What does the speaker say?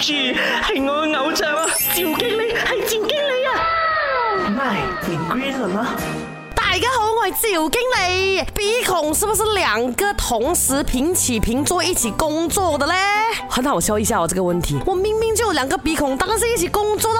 住，係我嘅偶像啊，趙經理係趙經理啊，My Green 啦！大家好，我係趙經理。鼻孔是不是兩個同時平起平坐一起工作的咧？很好笑一下我這個問題，我明明就有兩個鼻孔，但是一起工作。